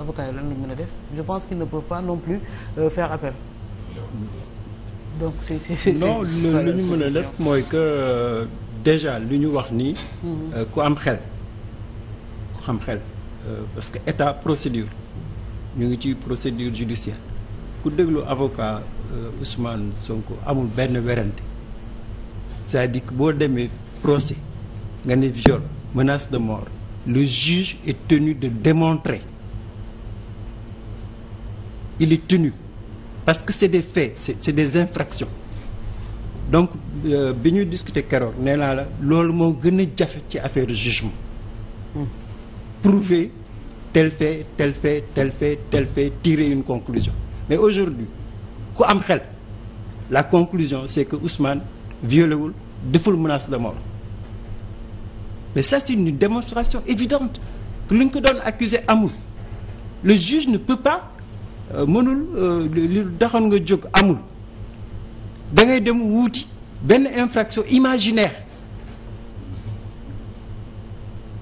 avocats yi lan lañ mën a def je pense qu'ils ne peuvent pas non plus mën a def mooy que euh, déjà lu ñu wax ni mm-hmm. euh, ku am xel ku xam xel euh, parce que état procédure ñu ngi ci procédure judiciaire ku déglu avocat Ousmane Sonko amul benn werante cest à boo demee procès nga ne viol menace de mort le juge est tenu de démontrer il est tenu parce que c'est des faits c'est, c'est des infractions donc euh, bi ñu discuter keroog nee naa la loolu moo gën a jafe ci affaire jugement prouver tel fait tel fait tel fait tel fait tirer une conclusion mais aujourd'hui ku am xel la conclusion c'est que Ousmane violé wul deful menace de mort mais ça c'est une démonstration évidente que li ñu ko doon accuser amul le juge ne peut pas Euh, mënul euh, li taxoon nga jóg amul da ngay dem wuuti benn infraction imaginaire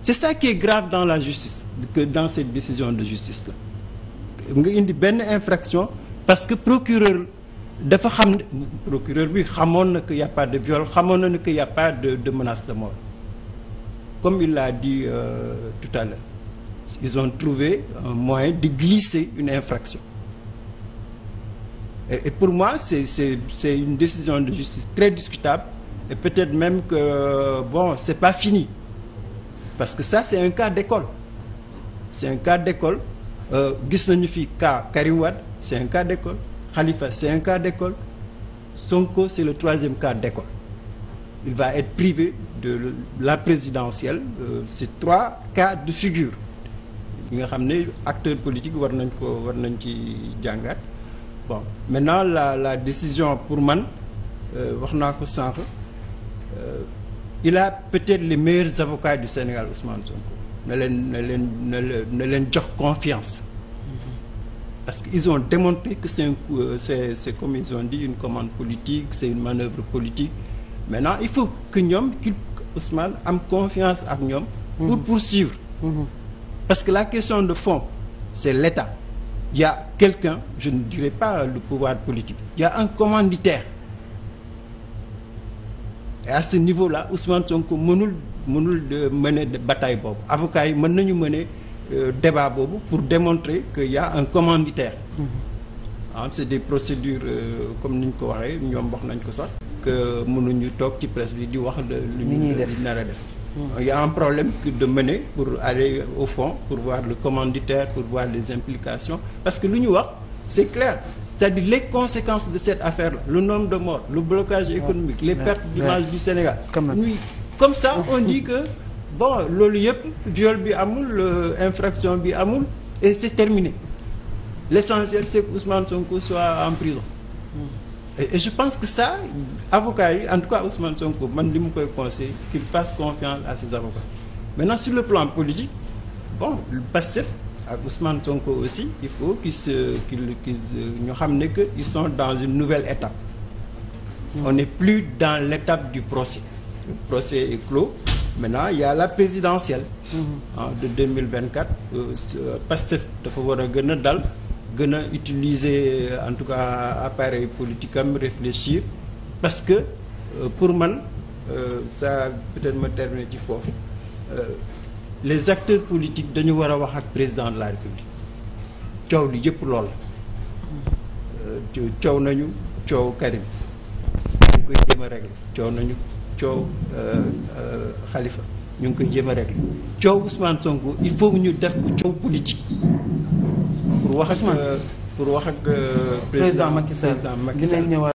c'est ça qui est grave dans la justice que dans cette décision de justice là nga indi benn infraction parce que procureur dafa xam ne procureur bi xamoon na que y a de viol xamoon na na que y de de menace de mort comme il l'a dit euh, tout à l'heure ils ont trouvé un moyen de glisser une infraction Et, et pour moi, c'est une décision de justice très discutable et peut-être même que, bon, c'est pas fini. Parce que ça, c'est un cas d'école. C'est un cas d'école. Euh, gis nañu fi cas Karim Wade c'est un cas d'école. Khalifa, c'est un cas d'école. Sonko, c'est le troisième cas d'école. Il va être privé de la présidentielle. Euh, c'est trois cas de figure. yi nga xam ne acteur politique war nañ ko war nañ ci jàngat. bon maintenant la la décision pour man euh, wax naa ko sànq euh, il a peut-être les meilleurs avocats du Sénégal Ousmane Sonko na leen na leen na leen na leen jox confiance parce que ils ont démontré que c'est un euh, c'est c'est comme ils ont dit une commande politique c'est une manœuvre politique maintenant il faut que ñoom qu'il Ousmane am confiance ak ñoom pour mmh. poursuivre mmh. parce que la question de fond c'est l'État il y a quelqu'un je ne dirais pas le pouvoir politique il y un commanditaire et ce niveau là Ousmane ko mënul mënul euh, mener bataille boobu avocats yi mën nañu mener euh, débat boobu pour démontrer que y a un commanditaire mm-hmm. ah c'est des procédures euh, comme ni ñu ko waxee ñoom wax nañ ko sax que mënuñu toog ci presse bi di wax lu ñu nar a def il y a un problème de mener pour aller au fond pour voir le commanditaire pour voir les implications parce que lu ñu wax c'est clair c'est-à-dire les conséquences de cette affaire là le nombre de morts le blocage économique les pertes d'image du Sénégal oui comme ça on dit que bon loolu yëpp viol bi amul infraction bi amul et c'est terminé l'essentiel c'est que Ousmane Sonko soit en prison hmm. et je pense que sa avocat yi en tout cas Ousmane Sonko man li mu koy conseil qu'il fasse confiance à ses avocats maintenant sur le plan politique bon Pastef ak Ousmane Sonko aussi il faut qu'ils se qu'ils qu'ils ñu xam ne que ils sont dans une nouvelle étape hmm. on n'est plus dans l'étape du procès le procès est clos maintenant il y a la présidentielle hmm. en de 2024 euh, dafa war a gën a dal gën a utiliser euh, en tout cas appareil politique am réfléchir parce que euh, pour man euh, ça peut-être ma terminer ci foofu les acteurs politiques dañu war a wax ak président de la république coow li yëpp lool coow nañu coow Karim ñu ngi koy jéem a coow nañu coow Khalifa ngi koy jéem a régler il faut ñu def ko coow politique pour wax ak euh, pour wax ak euh, président Macky Sall